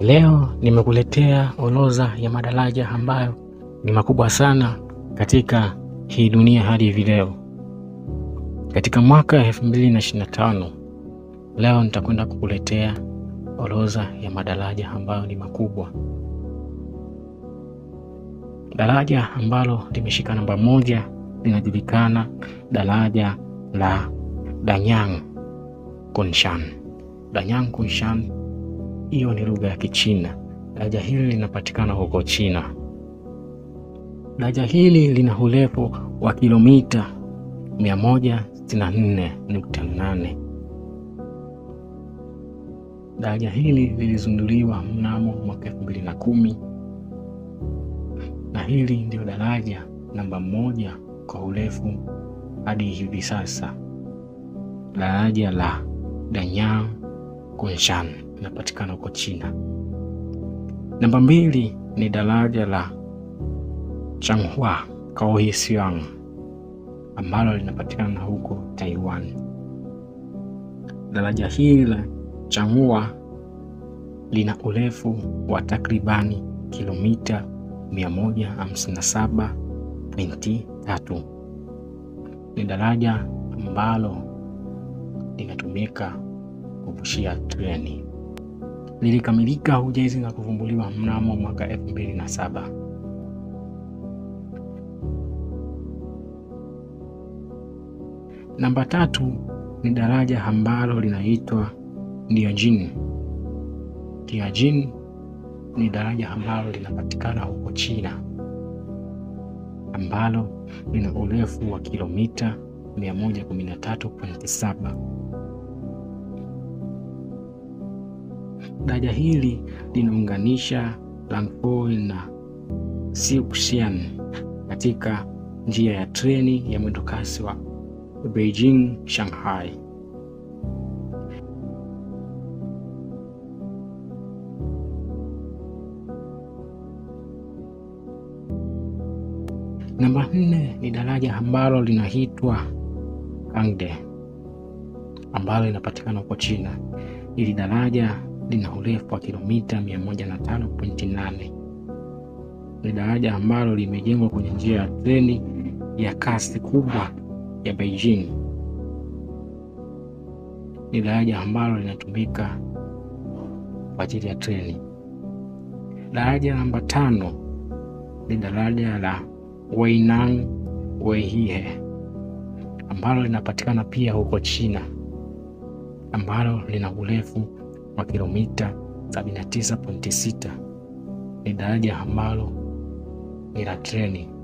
Leo nimekuletea orodha ya madaraja ambayo ni makubwa sana katika hii dunia hadi hivi leo. Katika mwaka 2025 leo nitakwenda kukuletea orodha ya madaraja ambayo ni makubwa. Daraja ambalo limeshika namba moja linajulikana daraja la Danyang Kunshan. Danyang Kunshan hiyo ni lugha ya Kichina. Daraja hili linapatikana huko China. Daraja hili lina urefu wa kilomita 164.8. Daraja hili lilizinduliwa mnamo mwaka 2010 na hili ndio daraja namba moja kwa urefu hadi hivi sasa, daraja la Danyang Kunshan inapatikana huko China. Namba mbili ni daraja la Changhua Kaohsiung ambalo linapatikana huko Taiwan. Daraja hili la Changhua lina urefu wa takribani kilomita 157.3. Ni daraja ambalo linatumika kuvushia treni lilikamilika ujenzi na kuvumbuliwa mnamo mwaka 2007. Namba tatu ni daraja ambalo linaitwa Tianjin. Tianjin ni daraja ambalo linapatikana huko China ambalo lina urefu wa kilomita 113.7 Daraja hili linaunganisha Rangpur na Siuxian katika njia ya treni ya mwendokasi wa Beijing Shanghai. Namba nne ni daraja ambalo linaitwa Kangde ambalo linapatikana huko China. Hili daraja lina urefu wa kilomita 105.8. Ni daraja ambalo limejengwa kwenye njia ya treni ya kasi kubwa ya Beijing. Ni daraja ambalo linatumika kwa ajili ya treni. Daraja namba tano ni daraja la Weinang Weihe ambalo linapatikana pia huko China ambalo lina urefu wa kilomita 79.6 ni daraja ambalo ni la treni.